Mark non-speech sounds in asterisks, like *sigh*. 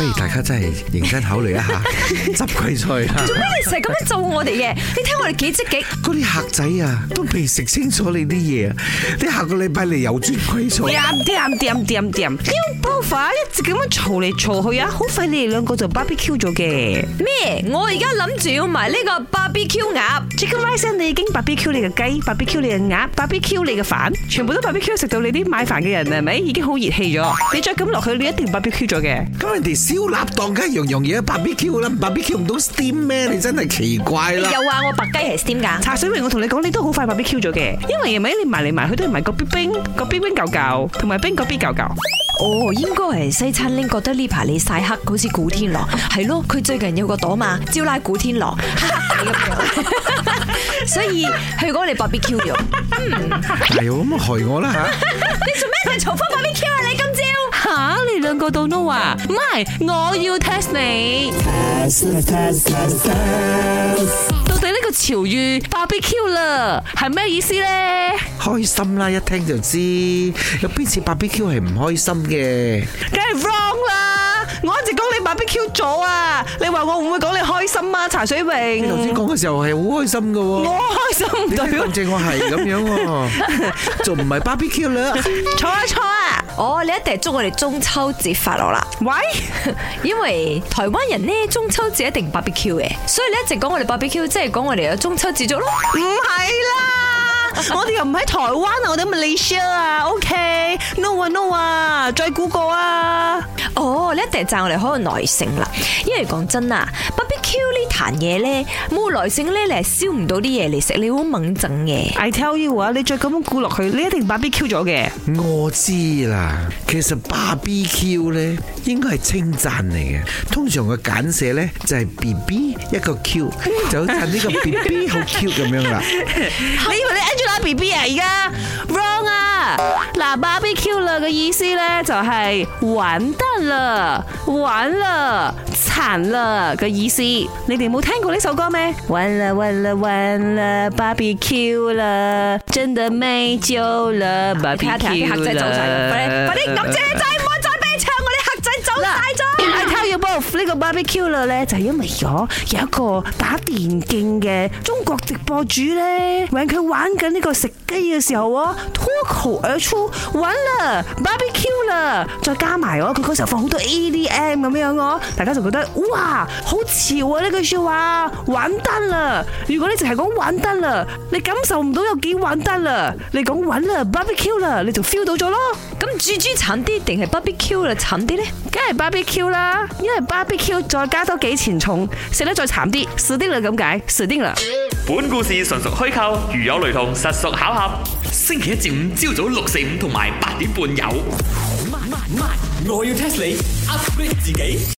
不如大家真係認真考慮一下執規財啦！做咩成日咁樣做我哋嘅？你睇我哋幾積極！嗰啲客仔啊，都未食清楚你啲嘢，你下個禮拜嚟又轉規財？掂掂掂掂掂，Bill Buffer 一直咁樣嘈嚟嘈去啊！好快你哋兩個就 BBQ 咗嘅咩？我而家諗住要埋呢個 BBQ 鴨，Jack Wilson 你已經 BBQ 你嘅雞，BBQ 你嘅鴨，BBQ 你嘅飯，全部都 BBQ 食到你啲買飯嘅人係咪已經好熱氣咗？你再咁落去，你一定 BBQ 咗嘅。咁你哋？燒臘檔梗係樣樣嘢芭 B Q 啦，芭 B Q 唔到 Steam 咩？你真係奇怪啦！有啊，我白雞係 Steam 噶。查水明，我同你講，你都好快芭 B Q 咗嘅。因為咩？你埋嚟埋去都係埋個冰冰個冰冰狗狗，同埋冰個冰狗狗。哦，應該係西餐拎覺得呢排你曬黑，好似古天樂。係咯，佢最近有個朵嘛，招拉古天樂， *laughs* 所以佢講你芭 B Q 咗。唔好咁害我啦吓！你做到、mm. no 啊，唔係，我要 test 你。到底呢個潮語 barbecue 嘞，係咩意思咧？開心啦，一聽就知，有邊次 barbecue 係唔開心嘅？梗係 wrong 啦，我一直講你 barbecue 咗啊，你話我會唔會講你開心啊？茶水榮， *noise* 你頭先講嘅時候係好開心噶喎，我開心對唔正我係咁樣喎，仲唔係 barbecue 嘞？坐一坐啊！哦，你、oh, 一定係祝我哋中秋節快樂啦喂！ *laughs* 因為台灣人咧中秋節一定 BBQ 嘅，所以你一直講我哋 BBQ，即係講我哋嘅中秋節咗咯。唔係啦，我哋又唔喺台灣啊，我哋 Malaysia、OK、啊，OK？No 啊，No, no, no 啊，再估過啊。哦，你一定係讚我哋好有耐性啦，因為講真啊，行嘢咧，冇耐性咧，你係燒唔到啲嘢嚟食，你好矇憎嘅。I tell you 啊，你再咁樣估落去，你一定 barbecue 咗嘅。我知啦，其實 barbecue 咧應該係稱讚嚟嘅，通常嘅簡寫咧就係 bb 一個 q，就襯呢個 bb 好 Q 咁樣啦。 *laughs* 你以為你 Angela BB 啊而家？嗱，barbecue 啦嘅意思咧，就係玩得啦、玩啦、慘啦嘅意思。你哋冇聽過呢首歌咩？完啦完啦完啦，barbecue 啦，真的沒救啦，barbecue 啦，客在做晒，快啲，快啲，感謝！個 Q 呢個 barbecue 嘞，就係、是、因為咗有一個打電競嘅中國直播主咧，搵佢玩緊呢個食雞嘅時候，脫口而出，玩啦 barbecue 啦，再加埋佢嗰時候放好多 ADM 咁樣嘅，大家就覺得哇，好潮啊呢句說話，玩得啦！如果你淨係講玩得啦，你感受唔到有幾玩得啦，你講玩啦 barbecue 啦，你就 feel 到咗咯。咁 G G 慘啲定係 barbecue 啦慘啲咧？梗係 barbecue 啦，因為。B B Q 再加多幾錢重，食得再慘啲，死定啦咁解，死定啦。本故事純屬虛構，如有雷同，實屬巧合。星期一至五朝早六四五同埋八點半有。Oh, my, my, my. 我要 test 你，upgrade，啊，自己。